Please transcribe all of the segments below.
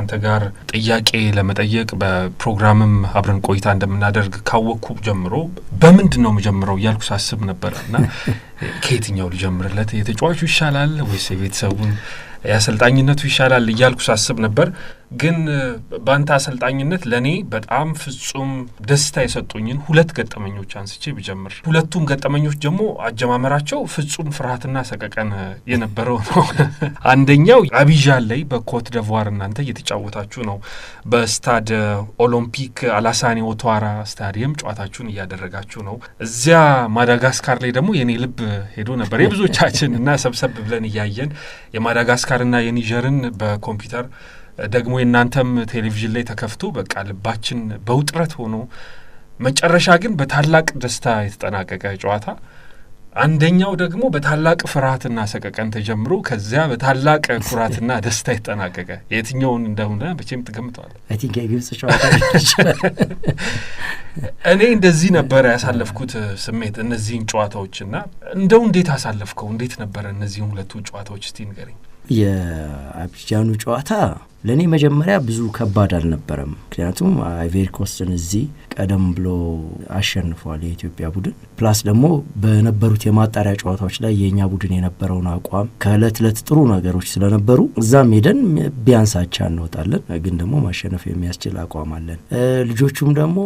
ከአንተ ጋር ጥያቄ ለመጠየቅ በፕሮግራምም አብረን ቆይታ እንደምናደርግ ካወቅኩ ጀምሮ በምንድን ነው የምጀምረው እያልኩ ሳስብ ነበረ እና ከየትኛው ልጀምርለት? የተጫዋቹ ይሻላል ወይስ የቤተሰቡን የአሰልጣኝነቱ ይሻላል እያልኩ ሳስብ ነበር። ግን በአንተ አሰልጣኝነት ለእኔ በጣም ፍጹም ደስታ የሰጡኝን ሁለት ገጠመኞች አንስቼ ብጀምር፣ ሁለቱም ገጠመኞች ደግሞ አጀማመራቸው ፍጹም ፍርሃትና ሰቀቀን የነበረው ነው። አንደኛው አቢዣን ላይ በኮት ደቯር እናንተ እየተጫወታችሁ ነው። በስታድ ኦሎምፒክ አላሳኔ ኦቶዋራ ስታዲየም ጨዋታችሁን እያደረጋችሁ ነው። እዚያ ማዳጋስካር ላይ ደግሞ የእኔ ልብ ሄዶ ነበር የብዙዎቻችን እና ሰብሰብ ብለን እያየን የማዳጋስካር የማዳጋስካርና የኒጀርን በኮምፒውተር ደግሞ የእናንተም ቴሌቪዥን ላይ ተከፍቶ በቃ ልባችን በውጥረት ሆኖ መጨረሻ ግን በታላቅ ደስታ የተጠናቀቀ ጨዋታ አንደኛው ደግሞ በታላቅ ፍርሃትና ሰቀቀን ተጀምሮ ከዚያ በታላቅ ኩራትና ደስታ የተጠናቀቀ የትኛውን እንደሆነ መቼም ትገምተዋል። ግብጽ ጨዋታ እኔ እንደዚህ ነበረ ያሳለፍኩት ስሜት እነዚህን ጨዋታዎችና እንደው እንዴት አሳለፍከው? እንዴት ነበረ እነዚህን ሁለቱ ጨዋታዎች እስቲ ንገረኝ። የአቢጃኑ ጨዋታ ለእኔ መጀመሪያ ብዙ ከባድ አልነበረም። ምክንያቱም አይቬሪኮስትን እዚህ ቀደም ብሎ አሸንፏል የኢትዮጵያ ቡድን። ፕላስ ደግሞ በነበሩት የማጣሪያ ጨዋታዎች ላይ የእኛ ቡድን የነበረውን አቋም ከእለት እለት ጥሩ ነገሮች ስለነበሩ እዛም ሄደን ቢያንሳቻ እንወጣለን፣ ግን ደግሞ ማሸነፍ የሚያስችል አቋም አለን። ልጆቹም ደግሞ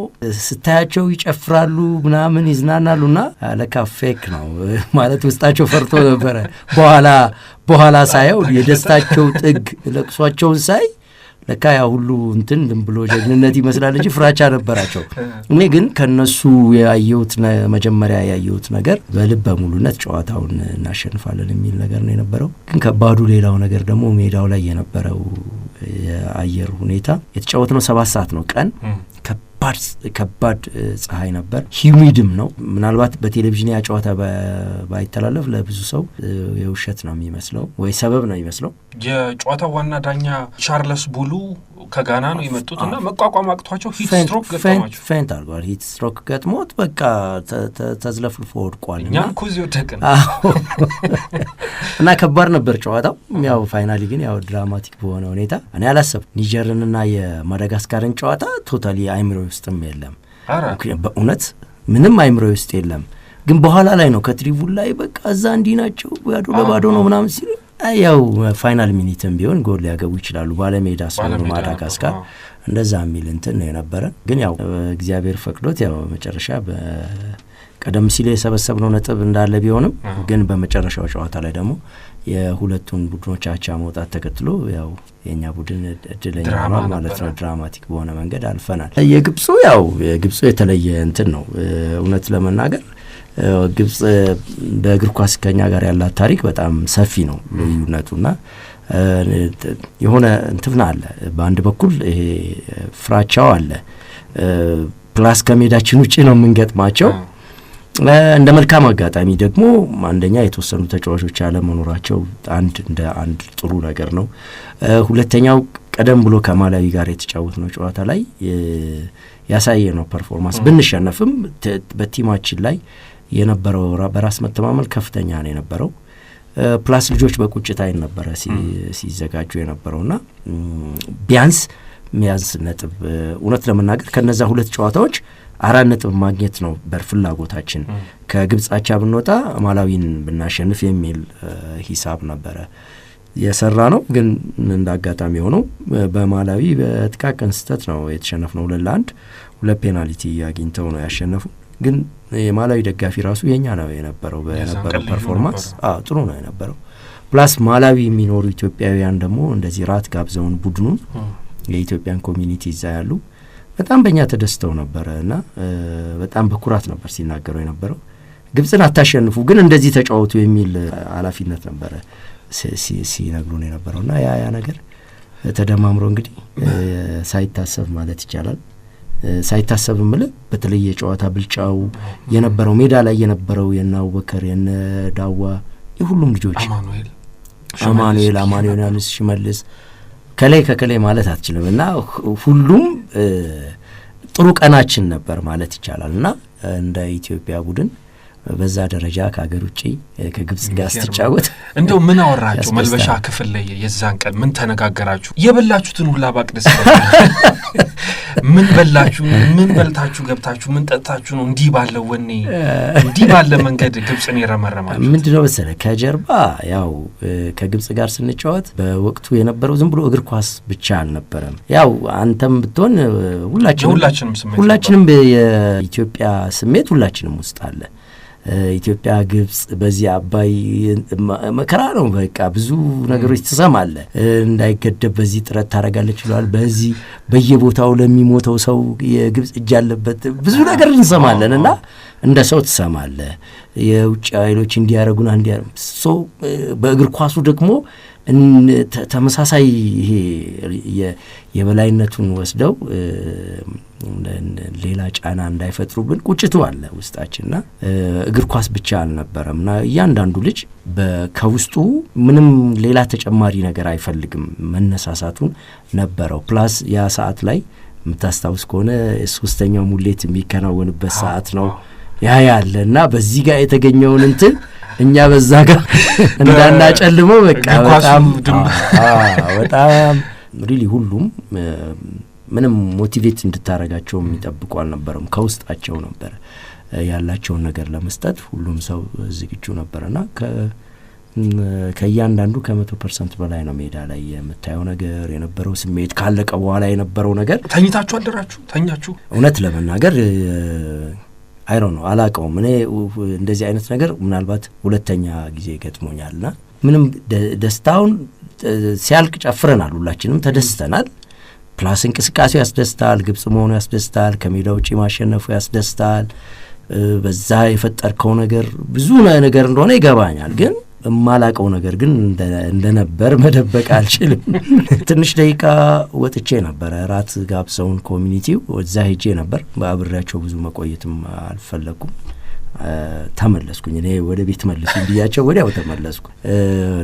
ስታያቸው ይጨፍራሉ፣ ምናምን ይዝናናሉ። ና ለካ ፌክ ነው ማለት ውስጣቸው ፈርቶ ነበረ በኋላ በኋላ ሳየው የደስታቸው ጥግ ለቅሷቸውን ሳይ ለካ ያ ሁሉ እንትን ዝም ብሎ ጀግንነት ይመስላል እንጂ ፍራቻ ነበራቸው። እኔ ግን ከነሱ ያየሁት መጀመሪያ ያየሁት ነገር በልበ ሙሉነት ጨዋታውን እናሸንፋለን የሚል ነገር ነው የነበረው። ግን ከባዱ ሌላው ነገር ደግሞ ሜዳው ላይ የነበረው የአየር ሁኔታ የተጫወትነው ሰባት ሰዓት ነው ቀን ከባድ ከባድ ፀሐይ ነበር። ሂዩሚድም ነው። ምናልባት በቴሌቪዥን ያ ጨዋታ ባይተላለፍ ለብዙ ሰው የውሸት ነው የሚመስለው ወይ ሰበብ ነው የሚመስለው። የጨዋታው ዋና ዳኛ ቻርለስ ቡሉ ከጋና ነው የመጡት እና መቋቋም አቅቷቸው ሂት ስትሮክ ገጠማቸው። ፌንት አድርጓል። ሂት ስትሮክ ገጥሞት በቃ ተዝለፍልፎ ወድቋል። እኛም ኩዚ ወደቅን እና ከባድ ነበር ጨዋታው። ያው ፋይናሊ ግን ያው ድራማቲክ በሆነ ሁኔታ እኔ አላሰብ ኒጀርንና የማዳጋስካርን ጨዋታ ቶታሊ አይምሮ ውስጥም የለም በእውነት ምንም አይምሮ ውስጥ የለም። ግን በኋላ ላይ ነው ከትሪቡን ላይ በቃ እዛ እንዲህ ናቸው ባዶ ለባዶ ነው ምናምን ሲል ያው ፋይናል ሚኒትም ቢሆን ጎል ሊያገቡ ይችላሉ። ባለሜዳ ስለሆኑ ማዳጋስካር እንደዛ የሚል እንትን ነው የነበረን። ግን ያው እግዚአብሔር ፈቅዶት ያው መጨረሻ ቀደም ሲል የሰበሰብነው ነጥብ እንዳለ ቢሆንም ግን በመጨረሻው ጨዋታ ላይ ደግሞ የሁለቱን ቡድኖች አቻ መውጣት ተከትሎ ያው የእኛ ቡድን እድለኛ ሆኗል ማለት ነው። ድራማቲክ በሆነ መንገድ አልፈናል። የግብፁ ያው የግብፁ የተለየ እንትን ነው እውነት ለመናገር ግብጽ በእግር ኳስ ከኛ ጋር ያላት ታሪክ በጣም ሰፊ ነው ልዩነቱና የሆነ እንትፍና አለ። በአንድ በኩል ይሄ ፍራቻው አለ። ፕላስ ከሜዳችን ውጭ ነው የምንገጥማቸው። እንደ መልካም አጋጣሚ ደግሞ አንደኛ የተወሰኑ ተጫዋቾች አለመኖራቸው አንድ እንደ አንድ ጥሩ ነገር ነው። ሁለተኛው ቀደም ብሎ ከማላዊ ጋር ነው ጨዋታ ላይ ያሳየ ነው ፐርፎርማንስ ብንሸነፍም በቲማችን ላይ የነበረው በራስ መተማመን ከፍተኛ ነው የነበረው። ፕላስ ልጆች በቁጭት አይን ነበረ ሲዘጋጁ የነበረውና ቢያንስ ቢያንስ ነጥብ እውነት ለመናገር ከነዛ ሁለት ጨዋታዎች አራት ነጥብ ማግኘት ነው በፍላጎታችን። ከግብፅ ብንወጣ ማላዊን ብናሸንፍ የሚል ሂሳብ ነበረ የሰራ ነው። ግን እንደ አጋጣሚ የሆነው በማላዊ በጥቃቅን ስህተት ነው የተሸነፍነው። ሁለት ለአንድ ሁለት ፔናልቲ አግኝተው ነው ያሸነፉ። ግን የማላዊ ደጋፊ ራሱ የእኛ ነው የነበረው። በነበረው ፐርፎርማንስ ጥሩ ነው የነበረው። ፕላስ ማላዊ የሚኖሩ ኢትዮጵያውያን ደግሞ እንደዚህ ራት ጋብዘውን ቡድኑን የኢትዮጵያን ኮሚኒቲ ይዛ ያሉ በጣም በእኛ ተደስተው ነበረ እና በጣም በኩራት ነበር ሲናገረው የነበረው። ግብጽን አታሸንፉ ግን እንደዚህ ተጫወቱ የሚል ኃላፊነት ነበረ ሲነግሩን የነበረውና ያ ያ ነገር ተደማምሮ እንግዲህ ሳይታሰብ ማለት ይቻላል ሳይታሰብ ምል በተለይ የጨዋታ ብልጫው የነበረው ሜዳ ላይ የነበረው የናወከር የነዳዋ የሁሉም ልጆች አማኑኤል አማኑኤል ያሉስ ሽመልስ ከላይ ከከላይ ማለት አትችልም እና ሁሉም ጥሩ ቀናችን ነበር ማለት ይቻላል እና እንደ ኢትዮጵያ ቡድን በዛ ደረጃ ከሀገር ውጭ ከግብጽ ጋር ስትጫወት እንደው ምን አወራችሁ? መልበሻ ክፍል ላይ የዛን ቀን ምን ተነጋገራችሁ? የበላችሁትን ሁላ ባቅደስ ምን በላችሁ፣ ምን በልታችሁ ገብታችሁ፣ ምን ጠጥታችሁ ነው እንዲህ ባለ ወኔ እንዲህ ባለ መንገድ ግብፅን የረመረማችሁ? ምንድነው መሰለ ከጀርባ ያው ከግብፅ ጋር ስንጫወት በወቅቱ የነበረው ዝም ብሎ እግር ኳስ ብቻ አልነበረም። ያው አንተም ብትሆን ሁላችንም ሁላችንም የኢትዮጵያ ስሜት ሁላችንም ውስጥ አለ። ኢትዮጵያ፣ ግብፅ በዚህ አባይ መከራ ነው። በቃ ብዙ ነገሮች ትሰማለ። እንዳይገደብ በዚህ ጥረት ታደርጋለች ይለዋል። በዚህ በየቦታው ለሚሞተው ሰው የግብፅ እጅ አለበት ብዙ ነገር እንሰማለን እና እንደ ሰው ትሰማለ። የውጭ ኃይሎች እንዲያረጉና እንዲያ በእግር ኳሱ ደግሞ ተመሳሳይ ይሄ የበላይነቱን ወስደው ሌላ ጫና እንዳይፈጥሩብን ቁጭቱ አለ ውስጣችንና እግር ኳስ ብቻ አልነበረም እና እያንዳንዱ ልጅ ከውስጡ ምንም ሌላ ተጨማሪ ነገር አይፈልግም። መነሳሳቱን ነበረው። ፕላስ ያ ሰዓት ላይ የምታስታውስ ከሆነ ሶስተኛው ሙሌት የሚከናወንበት ሰዓት ነው። ያ ያለ እና በዚህ ጋር የተገኘውን እንትን እኛ በዛ ጋር እንዳናጨልመው በቃ በጣም በጣም ሪሊ ሁሉም ምንም ሞቲቬት እንድታረጋቸው የሚጠብቁ አልነበረም። ከውስጣቸው ነበረ ያላቸውን ነገር ለመስጠት ሁሉም ሰው ዝግጁ እና ከእያንዳንዱ ከመቶ ፐርሰንት በላይ ነው ሜዳ ላይ የምታየው ነገር የነበረው ስሜት ካለቀ በኋላ የነበረው ነገር። ተኝታችሁ አደራችሁ? ተኛችሁ? እውነት ለመናገር አይሮ ነው አላቀውም። እኔ እንደዚህ አይነት ነገር ምናልባት ሁለተኛ ጊዜ ገጥሞኛልና ምንም ደስታውን ሲያልቅ ጨፍረናል፣ ሁላችንም ተደስተናል። ፕላስ እንቅስቃሴው ያስደስታል፣ ግብጽ መሆኑ ያስደስታል፣ ከሜዳ ውጪ ማሸነፉ ያስደስታል። በዛ የፈጠርከው ነገር ብዙ ነገር እንደሆነ ይገባኛል ግን የማላቀው ነገር ግን እንደነበር መደበቅ አልችልም። ትንሽ ደቂቃ ወጥቼ ነበረ። ራት ጋብሰውን ኮሚኒቲው እዛ ሄጄ ነበር። በአብሬያቸው ብዙ መቆየትም አልፈለኩም። ተመለስኩኝ። እኔ ወደ ቤት መልሱ ብያቸው ወዲያው ተመለስኩ።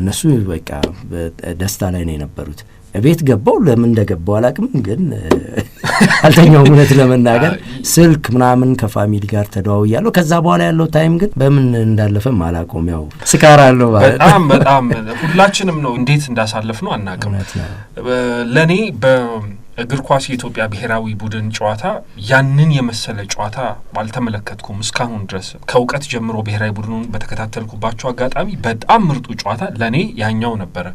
እነሱ በቃ ደስታ ላይ ነው የነበሩት። ቤት ገባው። ለምን እንደገባው አላቅም፣ ግን አልተኛው እውነት ለመናገር ስልክ ምናምን ከፋሚሊ ጋር ተደዋውያለሁ። ከዛ በኋላ ያለው ታይም ግን በምን እንዳለፈም አላቆም። ያው ስካር አለው በጣም በጣም ሁላችንም ነው። እንዴት እንዳሳለፍ ነው አናቅም። ለእኔ በእግር ኳስ የኢትዮጵያ ብሔራዊ ቡድን ጨዋታ ያንን የመሰለ ጨዋታ አልተመለከትኩም እስካሁን ድረስ። ከእውቀት ጀምሮ ብሔራዊ ቡድኑን በተከታተልኩባቸው አጋጣሚ በጣም ምርጡ ጨዋታ ለእኔ ያኛው ነበረ።